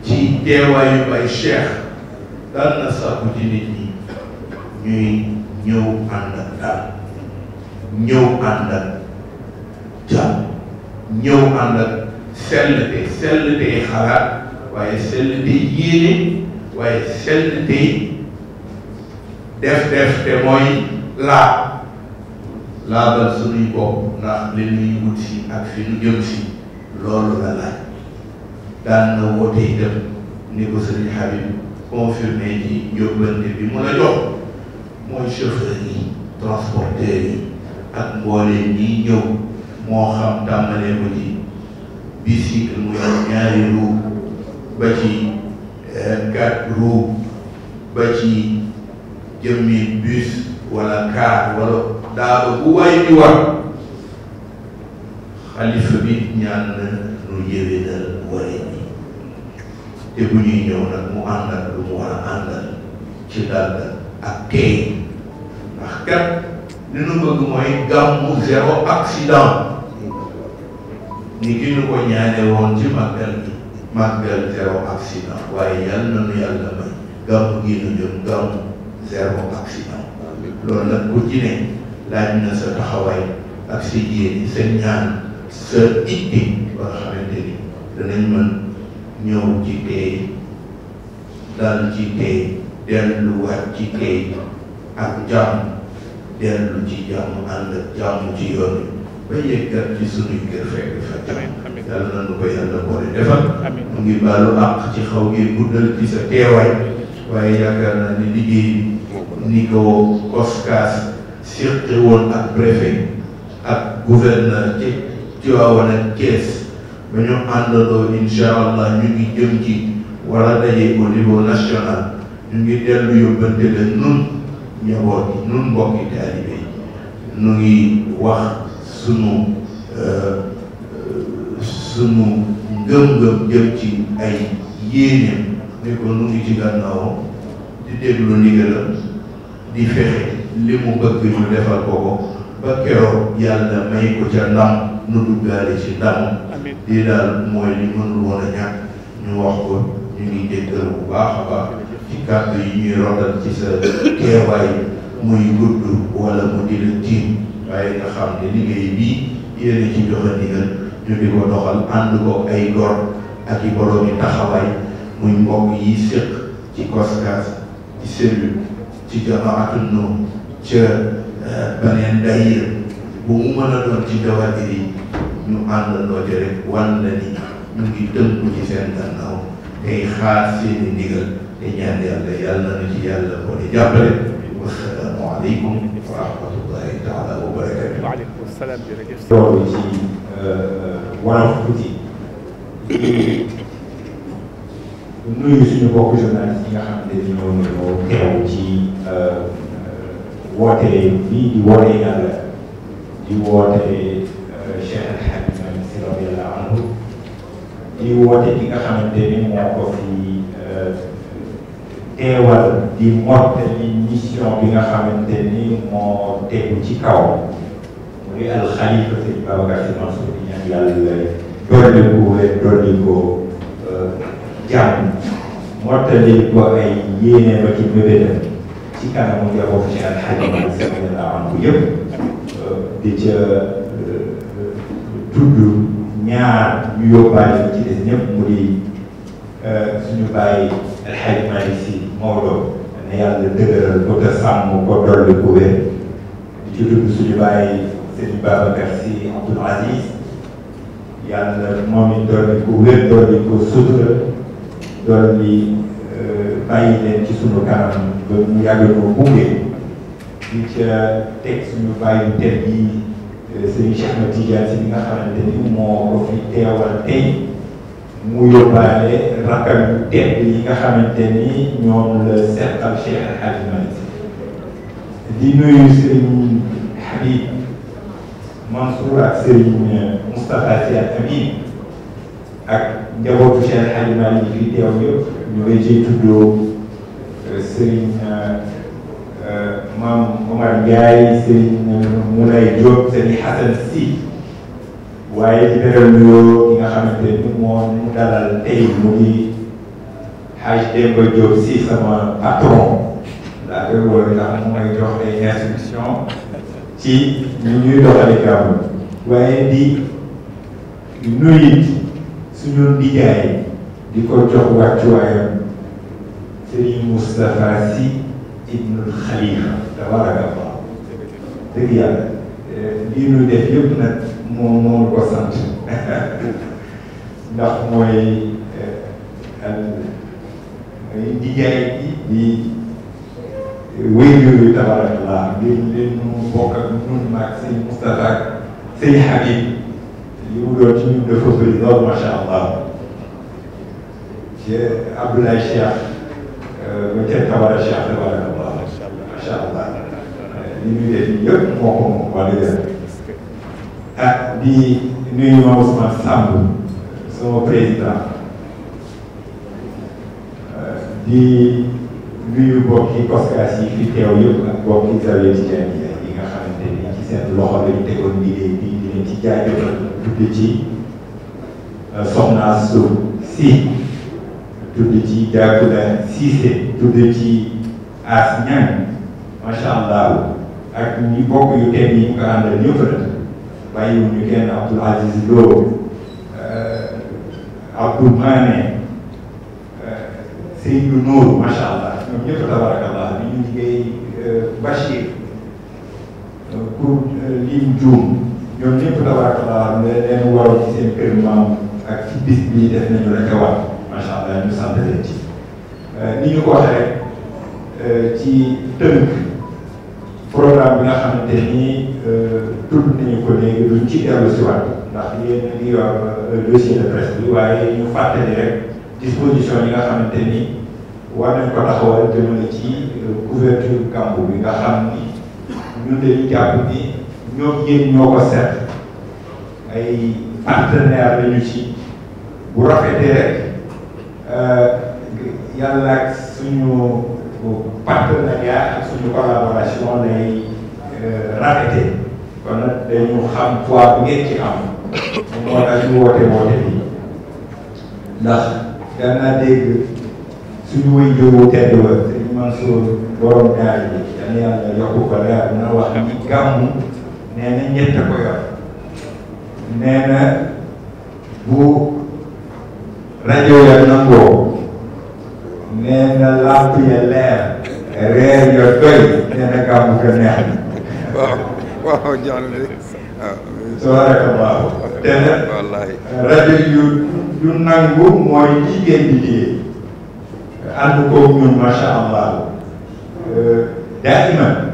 Speaker 3: ci teewaayu bay cheikh dal na sàkku ci nit ñi ñuy ñëw ànd ak dal ñëw ànd ak jàmm te sell te xalaat te yéene waaye sell tey def def te mooy laa laabal suñuy bopp ndax li ñuy wut si ak fi ñu si loolu la laaj na woote itam ni ko sëriñ Habib confirmé ci njóbbante bi mu jox mooy chauffeur yi transporteur yi ak mbooleem ñiy ñëw moo xam tàmbalee ko ci bicycle mu yor ñaari roues ba R4 roue ba ci jëmmi bus wala car wala daaba bu waay di war xalifa bi ñaan na nu yéwénal waree bi te bu ñuy ñëw nag mu àndal lu mu war a àndal ci dal ak tey ndax kat li nu bëgg mooy gàmmu zéro accident ni ki ñu ko ñaane woon ci màggal bi màggal zéro accident waaye yàlla na nu yàlla may gàmmu gi nu jëm gàmmu zéro accident loolu nag ku ci ne laaj na sa taxawaay ak sa yéene sa ñaan sa itti ba nga xamante ni dal ci tey delluwaat ci tey ak jàmm dellu ci jàmm ànd ak jàmm ci yoon ba yeggat ci suñuy kër fekk fa jàmm yàlla na nu ko yàlla boole defal mu ngi baalu àq ci xaw ngeen guddal ci waaye yaakaar naa ne liggéey ni ko koskaas sirte woon ak préfet ak gouverneur ci Tivaouane ak Thiès ba ñu àndandoo incha allah ñu ngi jëm ci war a daje au niveau national ñu ngi dellu nun njaboot nun mbokki taalibe yi ñu ngi wax sunu euh, sunu ngëm-ngëm jëm ci ay yéeneem ne ko nu ngi ci gànnaawam di déglu ndigalam di fexe li mu bëgg ñu defal ko ko ba keroog yàlla may ko ca ndam nu duggaale ci ndam di daal mooy li mënul woon a ñàkk ñu wax ko ñu ngi jéggal bu baax a baax ci kàddu yi ñuy rotal ci sa teewaay muy gudd wala mu di la tiim waaye nga xam ne liggéey bii yéen a ci joxe ndigal ñu di ko doxal ànd ko ay gor ak i borom yi taxawaay muy mbokk yi séq ci Coskas ci cellule ci jamaatun noonu ca eh, beneen dayir bu mu mën a doon ci jawadir yi ñu àndandoo ci rek wan la ni ñu ngi tënku ci seen gannaaw tey xaar seeni ndigal te ñaan yàlla yàlla na ci yàlla ko di jàppale wasalaamu aleykum wa rahmatullahi taala wa barakatu loolu ci eh,
Speaker 4: wolof tuuti di nuyu suñu bokk journaliste yi nga xam ne ñoo ñoo teew ci euh, woote bii di woote yàlla di woote euh, Cheikh El Hadj Malick Sy radiyallahu anhu di woote ki nga xamante ni moo ko fi euh, teewal di mottali mission bi nga xamante ni moo tegu ci kaw muy alxalifa Sëriñ Babacar Sy Mansour yàlla dolli ko dolli ko euh, jàmm mottali ko ay yéene ba ci mébétam ci kanamu njabootu ci alxaji Maalik radiyallaahu anhu yëpp euh, di ca euh, tudd ñaar ñu yóbbaale ci des ñëpp mu di suñu bàyyi alxaji Maalik ne yàlla dëgëral ko te sàmm ko dolli ko wér di ci tudd suñu Aziz yàlla moom it doon ko wér doon di ko sutura doon di euh, bàyyi leen ci sunu kanam mu yàgg ko gunge di ca teg suñu bàyyi teg yi euh, sëñ Cheikh Ahmed Tidiane si bi nga ni moo ko fi teewal mu yóbbaale yu tedd yi nga xamante ni ñoom la seqal Cheikh El Hadj di nuyu sëñ Habib Mansour ak Moustapha Sy Al Amine ak njabootu Cheikh El Hadji Malick yi fi teew yëpp ñu ngi ciy tuddoo Serigne euh, euh, maam Omar Ndiaye Serigne euh, Moulay Diop Serigne Hassan Sy waaye ci beral nuyoo ki nga xamante ni moo mu dalal tey mu ngi Haj Demba Diop si sama patron laa koy wóor ndax mu may jox ay instruction ci ñu ñuy doxale gàmmu waaye di di nuyu it suñu di ko jox wàccuwaayam Serigne Moustapha Sy ibnul Khalifa tabarakallah dëgg yàlla eh, lii nuy def yëpp nag moom moom ko sant ndax mooy eh, mooy nijaay bi di wéyjur bi tabarakallah ngir leen mu bokk ak ñun li mu doon ci ñun allah ci Abdoulaye Cheikh ba euh, tey Kabara Cheikh tabarakallah macha allah euh, li ñu def yëpp moo ko moom ah di nuyu ma Ousmane Samb sama président euh, di nuyu bokki Koskas yi fi teew yëpp ak bokki service yi nga xamante ci seen loxo lañu tegoon liggéey di ci jaajëfal tudd ci euh, Soxna Sow si tudd ci Diakouna Cissé tudd ci As Niang macha allah ak ñi bokk yu teg yi mu ko àndal ñëpp la bàyyiwuñu kenn Abdoul Aziz Lo euh, Abdou Mané euh, Seydou Nour macha allah ñoom ñëpp tabarakallah ñu ngi liggéey Bachir pour lim Dioum. ñoom ñëpp tabarakallah nga leen waral ci seen kër maam ak ci bis bii def nañu rek a war macha allah ñu euh, ni ñu ko waxee euh, tënk programme bi nga xamante ni euh, tudd nañu ko léegi duñ ci dellu si waat ndax yéen a ngi yor dossier de presse bi waaye ñu fàttali rek disposition yi nga xamante ni war nañ ko taxawal jëmale ci couverture gàmmu bi nga xam ni ñun dañuy jàpp ni. ñoo yéen ñoo ko seet ay partenaire lañu ci bu rafetee rek euh, yàlla ak suñu partenariat ak suñu collaboration lay euh, rafetee kon nag dañu xam poids bu ngeen ci am moo tax ñu woote woote bi ndax daan naa dégg suñu wëy jëwu tedd wa sëñ Mansour borom daal bi dana yàlla yokk ko leer na wax ni nee na ñett bu rajo ya nangoo nee na làmp reer ya doy nee na gàmmu ko neex
Speaker 2: waaw waaw jax na de waaw ah,
Speaker 4: te yu yu nangu mooy jigéen di liggéey ànd koog ñun macha allah euh, daaima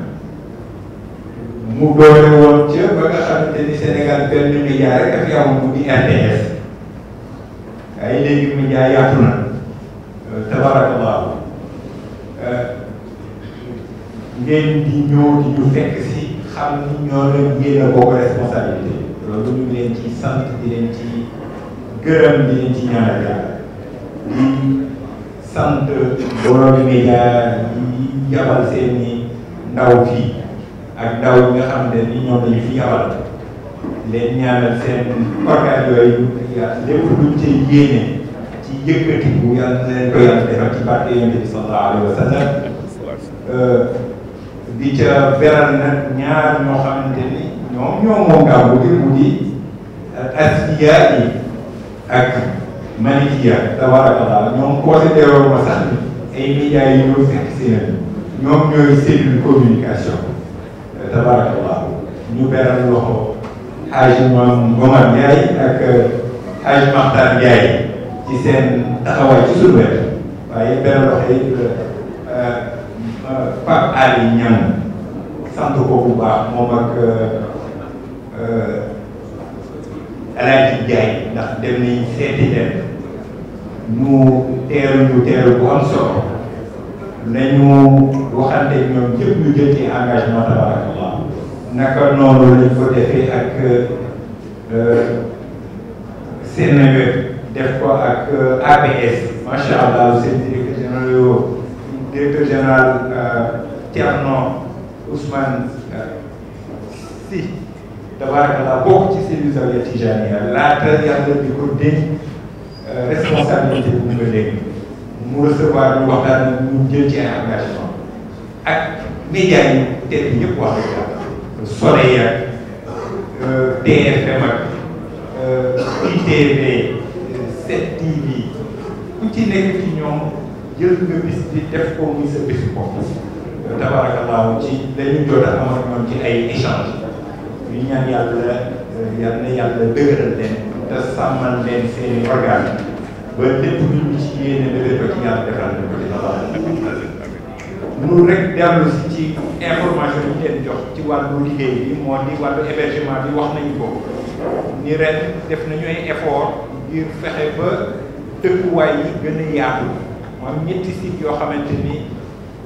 Speaker 4: mu doore woon ca ba nga xamante ni Sénégal benn média rek ak yàlla mu di RTS waaye léegi média yaatu na euh, tabarakallahu euh, ngeen di ñëw di ñu fekk si xam ni ñoo leen génne kooku responsabilité loolu ñu ngi leen ci di leen ci gërëm di leen ci ñaanal yàlla di sant borom média yi yabal seen i ndaw fii. ak ndaw nga xam ne ni ñoom dañu fi leen ñaanal seen organe yooyu lépp luñ ca yéene ci yëkkati bu yàlla leen ko yàlla defal ci barke yonent bi sallallahu alayhi wa sallam euh, di ca beral nag ñaar ñoo ni ñoom ñoo moom gàmmu gi mu di asfiya yi ak malikiya tabarakallah ñoom considéré ma sax ay médias yi ñoo fekk si ñoom ñooy cellule communication tabarakallah ñu beral loxo xaaji maam Momar Ndiaye ak xaaji euh, Maxtar Ndiaye ci seen taxawaay ci suñu wet waaye beral loxo yi euh, Pape Ali Niang ko bu baax moom ak euh, Alaaji Ndiaye ndax dem nañ seeti leen ñu teeru ñu teeru bu am solo nañu waxante ñoom ñëpp ñu jël ci naka noonu lañ ko defee ak CNW euh, euh, def ko ak euh, APS macha allah seen directeur général yoo directeur général Thierno Ousmane Sy tabarakallah bokk ci cellule Zawiya Tijaniya laata yàlla di ko dénk responsabilité bu nga léegi mu recevoir ñu waxtaan ñu jël ci ay engagement ak médias yi tey ñëpp wax dëgg yàlla Soleil ak TFM ak e, e, ITV 7TV e, ku ci nekk ci ñoom jël bis bi def ko muy sa bisu bopp tabaarakallaahu ci jot a amal ñoom ci ay échange ñu ñaan yàlla yal na yàlla dëgëral leen te sàmmal leen seeni organe ba lépp lu ñu ci yéene dëgër ko ci mënul rek dellu si ci information yi leen jox ci wàllu liggéey bi moo di wàllu hébergement bi wax nañu ko ni ren def nañu ay effort ngir fexe ba dëkkuwaay yi gën a yaatu moom ñetti sites yoo xamante ni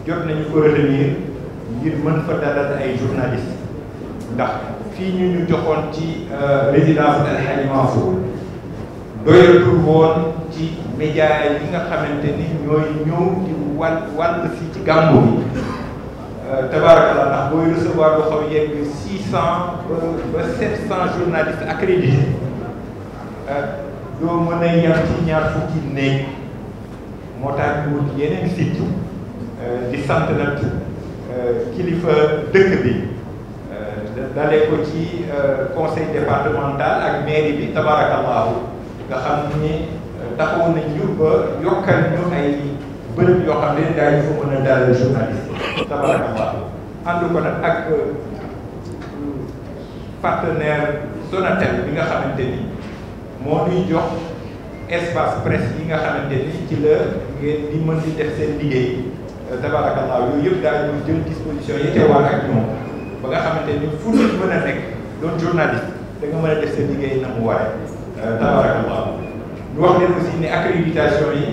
Speaker 4: jot nañu ko retenir ngir mën fa dalal ay journalistes ndax fii ñu ñu joxoon ci euh, résidence El Hadj Mansour doyatul woon ci média yi nga xamante ni ñooy ñëw di wàll wàll si ci gàmmu bi euh, tabaarakallah ndax booy recevoir lu xaw yegg six cent ba sept cent journalistes accrédités euh, doo mën a yem ci ñaar fukki néeg moo tax ñu wut yeneen site euh, di sant nag kilifa dëkk bi dalee ko ci conseil départemental ak mairie bi tabaarakallahu nga xam ni taxawoon nañ ñu ba yokkal ñu ay bërëb yoo xam ne daañu fa mën a dalal journaliste tabarakallah ànd ko nag ak euh, partenaire Sonatel bi nga xamante ni moo ñuy jox espace presse yi nga xamante ni ci la ngeen di mën di liggéey euh, tabarakallah yooyu yëpp daal ñu jël disposition yi teewaat ak ñoom ba nga xamante ni fu nit mën a nekk doon journaliste da nga mën a def seen liggéey na mu waree euh, tabarakallah ñu wax leen aussi ne accréditation yi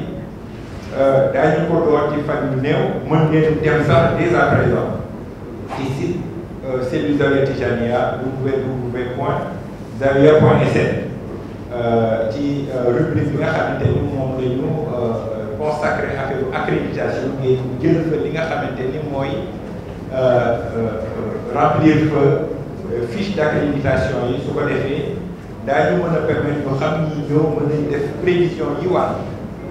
Speaker 4: euh, daañu ko door ci fan yu néew mën ngeen dem sax dès à présent ci site euh, cellule Zawiya Tijaniya www point zawiya point euh, ci rubrique bi nga xamante ni moom la ñu consacré affaire accréditation ngay jël fa li nga xamante ni mooy remplir fa fiche d' yi su ko defee. daañu mën a permettre ba xam ni ñoo mën nañ def prévision yi war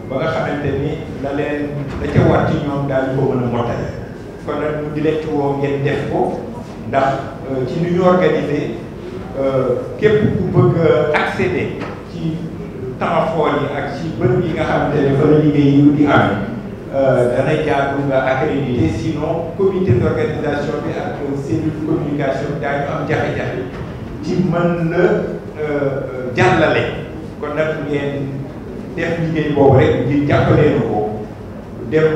Speaker 4: ba nga xamante ni la leen la ca war ci ñoom ko mën a mottale kon nag ñu woo ngeen def ko ndax euh, ci nu ñu organisé euh, képp ku bëgg a accéder ci tamafoor yi ak ci bërëb yi nga xamante ne fa liggéey yu di am euh, dana jaadu nga accrédité sinon comité d' ak cellule communication daañu am jafe-jafe ci mën la Euh, jàllale kon nag ngeen def liggéey boobu rek ngir jàppaleenu ko dem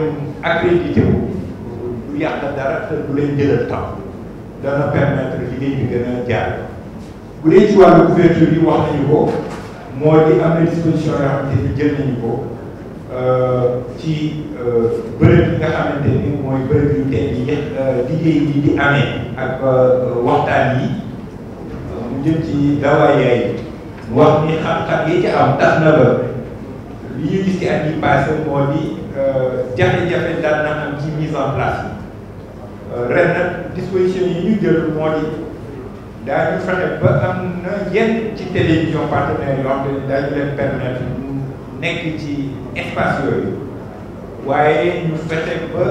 Speaker 4: accrédité wu du yàq dara te leen jëlal temps dana permettre liggéey bi gën a jaar bu dee ci wàllu couverture wax nañu ko moo di am na disposition yoo xamante jël nañu ko euh, ci euh, bërëb yi nga xamante ni mooy bërëb yu tey liggéey yi di amee ak waxtaan yi jëm ci dawaay wax ni xam-xam yi ci am tax na ba li ñu gis ci at yi passé moo di euh, jafe-jafe daan na am ci mise en place yi euh, ren nag disposition yi ñu jël moo di daañu fexe ba am na yenn ci télévision partenaires yoo xam leen permettre ñu nekk ci espace yooyu waaye ñu fexe ba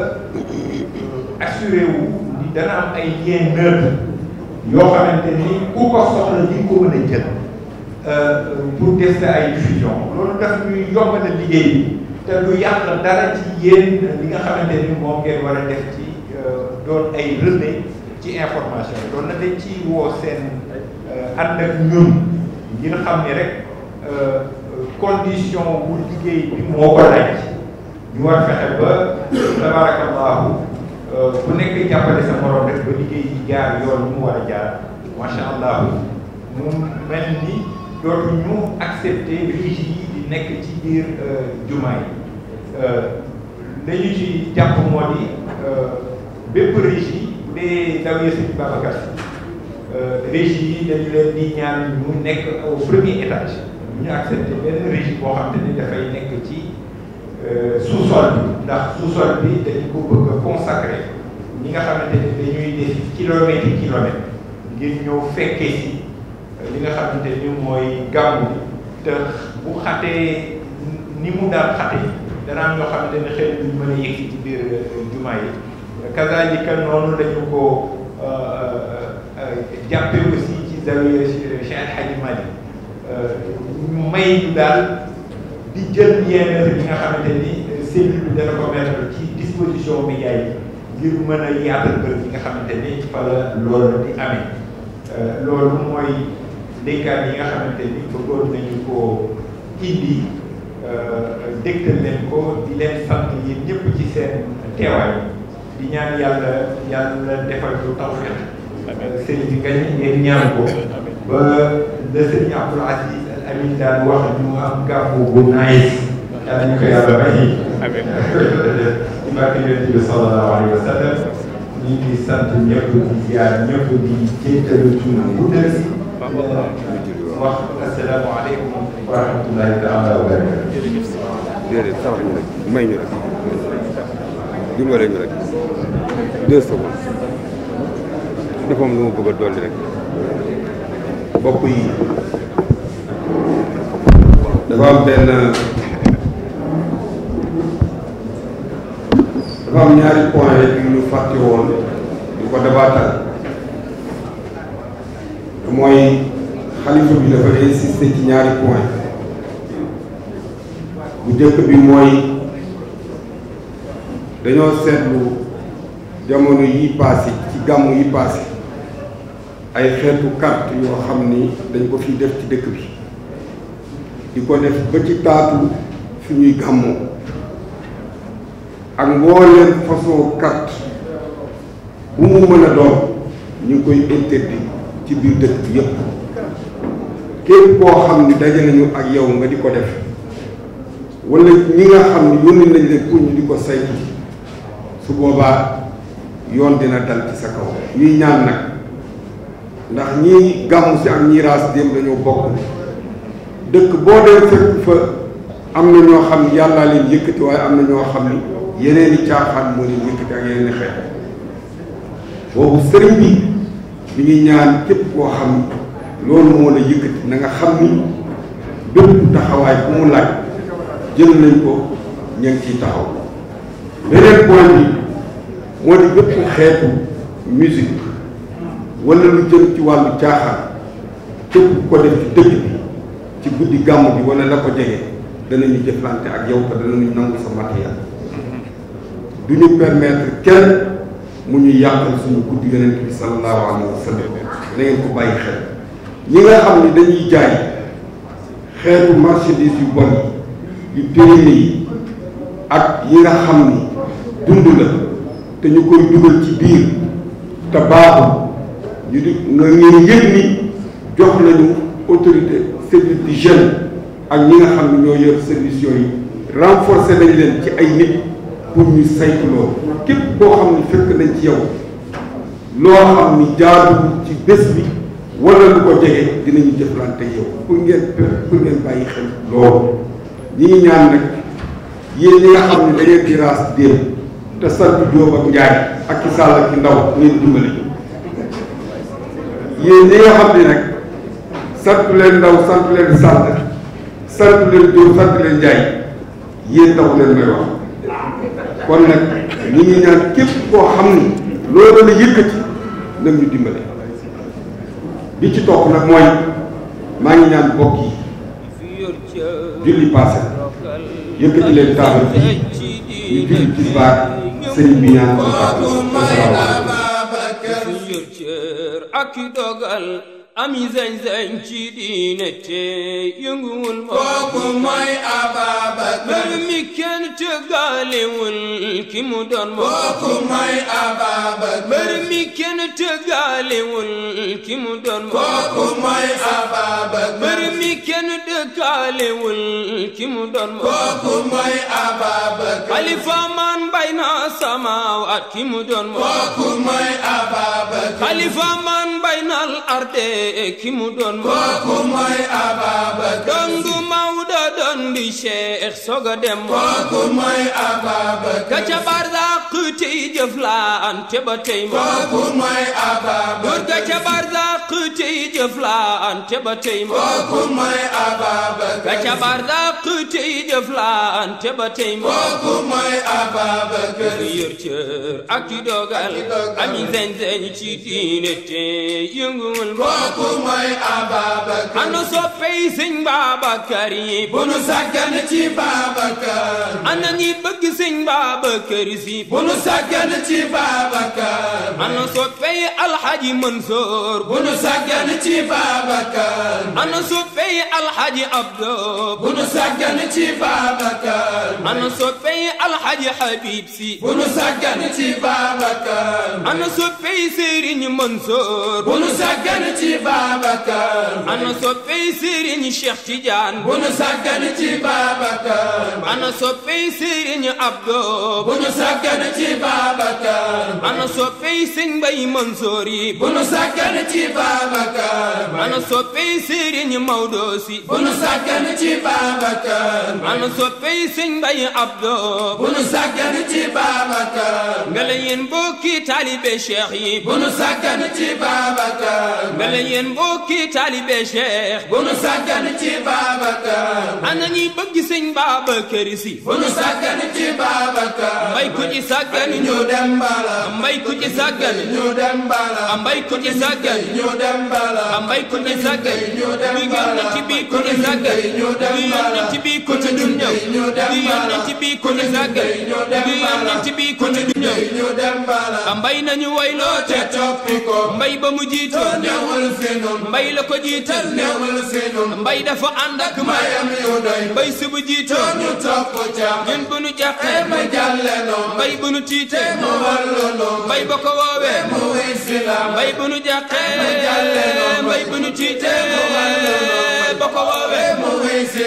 Speaker 4: assuré wu ni am ay lien neutre yoo xamante ni ku ko soxla di ko mën a jël euh, pour ay diffusion loolu daf ñuy yomb na liggéey bi te lu yàq dara ci yéen li nga xamante ni moo ngeen war a def ci euh, doon ay relais ci information yi loolu ci woo seen euh, ànd ak ñun ngir xam ni rek condition bu liggéey bi moo ko laaj ñu war fexe ba tabarakallahu Euh, ku nekk jàppale sa morom rek ba liggéey yi jaar yoon mu war a jaar macha allah mu mel ni dootu ñu accepté riche yi di nekk ci biir euh, jumaa yi euh, la ñu ci jàpp moo di bépp riche bu dee daw Sëriñ Babacar riche yi dañu leen di ñaan ñu nekk au premier étage ñu accepté benn riche boo xam te dafay nekk ci. Euh, sous-sol bi ndax sous-sol bi dañu ko bëgg a nga xamante ni dañuy def kilomètres yi kilomètres ngir ñëw fekkee ci euh, li nga xamante ni mooy gàmmu bi te bu xatee ni mu daan xate dana am ñoo xamante ne xëy na duñ yëg ci biir euh, jumaa yi kazalika noonu dañu ko jàppe aussi ci zawiya Cheikh Hadji Malick ñu may ñu daal di jël yenn yi nga xamante ni euh, cellule bi dana ko mettre ci disposition médias yi ngir mën a yaatal bërëb yi nga xamante ni fa la loolu di amee euh, loolu mooy ndénkaan yi nga xamante ni bëggoon nañu koo indi euh, dégtal leen ko di leen sant yi ñëpp ci seen teewaay di ñaan yàlla yàlla defal lu tawfeex sëriñ bi nga ngeen ñaan ko ba le sëriñ Abdoul Aziz Amin daan wax ñu am gàmmu bu naay yàlla ñu ko yàlla bàyyi. amiin ci barke Yonent bi sallallahu alayhi wa sallam ñu ngi di ziar ñëpp di jéggalu
Speaker 2: suñu guddal
Speaker 4: wax asalaamaaleykum wa rahmatullahi
Speaker 2: taala wa barakatu. déedéet sax ñu may ñu rek dimbale ñu rek deux secondes dafa am lu ma bëgg a dolli dafa am benn dafa am ñaari point yu ñu fàtte woon di ko dabaatal mooy xalifa bi dafa insister ci ñaari point bu njëkk bi mooy dañoo seetlu jamono yi paase ci gàmmu yi paase ay xeetu carte yoo xam ni dañ ko fi def ci dëkk bi di ko def ba ci taatu fi ñuy gàmmoo ak mbooleem façon carte bu mu mën a doon ñu ngi koy interdit ci biir dëkk bi yépp képp koo xam ni daje nañu ak yow nga di ko def walla ñi nga xam ni yónni nañ leen pour ñu di ko saytu su boobaa yoon dina dal ci sa kaw ñuy ñaan nag ndax ñi gàmmu si ak ñiiraas raas démb dañoo bokk dëkk boo dem fekk fa am na ñoo xam ne yàllaa leen yëkkati waaye am na ñoo xam ne yeneen i caaxaan moo leen yëkkati ak yeneen i boobu sëriñ bi ngi ñaan képp koo xam ni loolu moo la yëkkati na xam ni bépp taxawaay bu mu laaj jël nañ ko ña ngi taxaw beneen point bi moo di bépp xeetu musique wala lu jëm ci wàllu caaxaan képp ko def ci dëkk ci guddi gàmm bi wala la ko jege danañu jëflante ak yow te danañu nangu sa matériel du ñu permettre kenn mu ñu yàqal suñu guddi yonent bi sallallahu alayhi wa sallam ko bàyyi xel ñi nga xam ne dañuy jaay xeetu marchandise yu bon yu périmé yi ak yi nga xam ni dund la te ñu koy dugal ci biir te baaxul ñu di nga ngeen yëg ni jox nañu autorité service du jeune ak ñi nga xam ne ñoo yor service yooyu renforcer nañ leen ci ay nit pour ñu saytu loolu képp koo xam ne fekk nañ ci yow loo xam ni jaadu ci bés bi wala lu ko jege dinañu jëflante yow pour ngeen pour ngeen bàyyi xel loolu ñi ngi ñaan nag yéen ñi nga xam ne da ngeen di raas démb te sant Diop ak Ndiaye ak ki ak ki Ndaw ngeen dimbali yéen ñi nga xam ne nag sant leen ndaw sant leen sàll sant leen Diop sant leen Ndiaye yéen taxu leen may kon nag ñu ngi ñaan képp koo xam ni loolu la yëkkati nag ñu dimbale bi ci topp nag mooy maa ngi ñaan bokk yi julli passé yëkkati leen taabal ñu julli ci baar sëriñ bi ñaan ko
Speaker 5: ak dogal ami zañ zañ ci diine te yënguwul ma. kooku mooy Ababacar. mbër mi kenn tëggaaliwul ki mu doon ma. kooku mooy Ababacar. mbër mi kenn tëggaaliwul ki mu doon ma. kooku mooy Ababacar. mbër mi kenn dëkkaaliwul ki mu doon ma. kooku mooy Ababacar. Khalifa man bay na samawaat ki mu doon ma. kooku mooy Ababacar. Khalifa man bay na al arde. ki mu doon kooku mooy Ababacar doon du Maodo doon di Cheikh soga dem kooku mooy Ababacar ka ca barzaq tey jëflante ba tey kooku mooy Ababacar ka ca barzaq dàq tey jëflante ba tey mbokk mooy Ababacar ka cabar dàq tey jëflante ba tey mbokk mooy Ababacar yor cër ak ci dogal ami zenzen ci diine te yënguwul mbokk mooy Ababacar ana soppey sëñ Babacar yi bu nu sàggan ci Babacar ana ñi bëgg sëñ Babacar si bu nu sàggan ci Babacar ana soppey alxaji Mansoor bu nu sàggan ci Babacar ana soppey alxaji Abdo bu nu sàggan ci Babacar ana soppey alxaji Habib si bu nu sàggan ci Babacar ana soppey Serigne Mansour bu nu sàggan ci Babacar ana soppey Serigne Cheikh Tidiane bu nu sàggan ci Babacar ana soppey Serigne Abdo bu nu sàggan ci Babacar ana soppey Serigne Baye Mansour yi bu nu sàggan ci Babacar Mbaye. ana soppey Serigne Maodo si. bu nu sàggan ci Babacar Mbaye. ana soppey Serigne Mbaye Abdou. bu nu sàggan ci Babacar Mbaye. ngale yéen mbokki taalibe Cheikh yi. bu nu sàggan ci Babacar Mbaye. ngale yéen mbokki taalibe Cheikh. bu nu sàggan ci Babacar Mbaye. ana ñi bëgg Serigne Babacar si. bu nu sàggan ci Babacar Mbaye. mbay ku ci sàggan ñu dem bala. mbay ku ci sàggan ñu dem bala. mbay ku ci sàggan ñu. dem bala ambay ku ne sàggal li yonent bi ku ne sàggal li yonent bi ku ne du ñëw li yonent bi ku ne sàggal li yonent bi ku ne du ñëw ambay nañu wayloo te toppi ko mbay ba mu jiitu newul fi nun mbay la ko jiital newul fi nun mbay dafa ànd ak mayam yu doy mbay si bu jiitoo ñu topp ca ñun bu nu jàqee ma jàlle noo mbay bu nu tiitee mu wallu noo mbay ba ko woowee mu wiisi jàlle noon bay bu nu tiitee ba ko woowee mu wuy si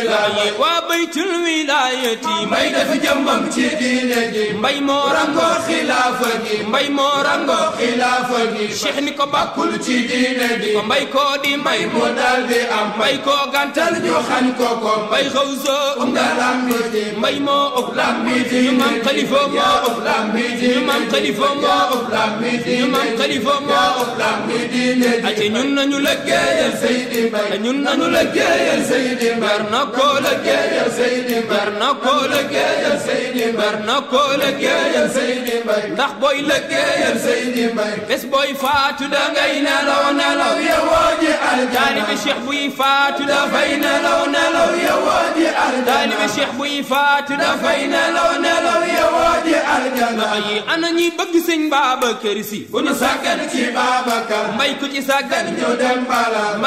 Speaker 5: baytul wilaayati mbay dafa jëmbam ci diine gi mbay moo rangoo xilaafa gi mbay moo rangoo xilaafa gi cheikh ni ko bàkkul ci diine gi ko mbay koo di mbay moo dal di am mbay koo gàntal ñu xañ ko ko mbay xaw soo um nga làmbi ji mbay moo ëpp làmbi ji ñu maam xalifa moo ëpp làmbi ji ñu maam xalifa moo ëpp làmbi ji ñu maam xalifa moo ëpp làmbi diine ji ate ñun nañu lëggéeyal Seydi Mbay ñun nañu lëggéeyal Seydi Mbay war na koo lëggéeyal liggéeyal Seydi Mbaye nar na koo liggéeyal Seydi Mbaye nar na koo liggéeyal Seydi Mbaye ndax booy liggéeyal Seydi Mbaye bés booy faatu da ngay nelaw nelaw yowoo ji aljana taalibi cheikh buy faatu dafay nelaw nelaw yowoo ji aljana taalibi cheikh buy faatu dafay nelaw nelaw yowoo ji aljana yi ana ñi bëgg sëñ Babacar Si bu ñu sàggan ci Babacar mbay ku ci sàggan ñu dem bala